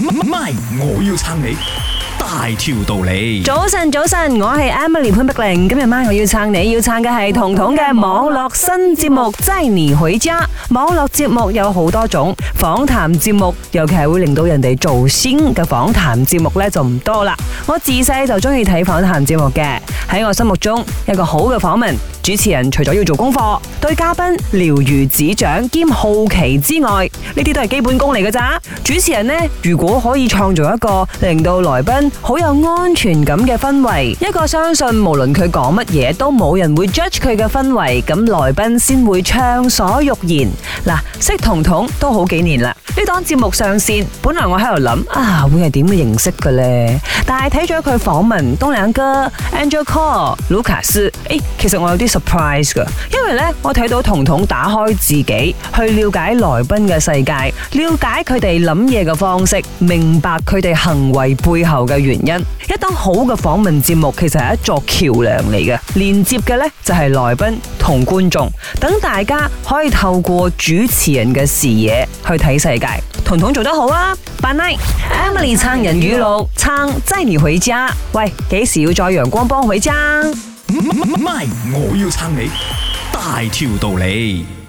咪，我要撐你大條道理。早晨，早晨，我係 Emily 潘碧玲。今日晚我要撐你，要撐嘅係彤彤嘅網絡新節目《Jenny 許家》。網絡節目有好多種，訪談節目尤其係會令到人哋做先嘅訪談節目咧，就唔多啦。我自細就中意睇訪談節目嘅。喺我心目中，一個好嘅訪問主持人，除咗要做功課，對嘉賓了如指掌兼好奇之外，呢啲都係基本功嚟嘅咋。主持人呢，如果可以創造一個令到來賓好有安全感嘅氛圍，一個相信無論佢講乜嘢都冇人會 judge 佢嘅氛圍，咁來賓先會暢所欲言。嗱，識彤彤都好幾年啦，呢檔節目上線，本來我喺度諗啊，會係點嘅形式嘅咧？但係睇咗佢訪問東亮哥 Angel 哦，盧卡斯，誒，其實我有啲 surprise 噶，因為咧，我睇到彤彤打開自己，去了解來賓嘅世界，了解佢哋諗嘢嘅方式，明白佢哋行為背後嘅原因，一檔好嘅訪問節目，其實係一座橋梁嚟嘅，連接嘅咧就係來賓。同觀眾，等大家可以透過主持人嘅視野去睇世界。彤彤做得好啊，Bye night，Emily 撐人語錄，撐載你回家。喂，幾時要再陽光幫佢撐？唔係，我要撐你大條道理。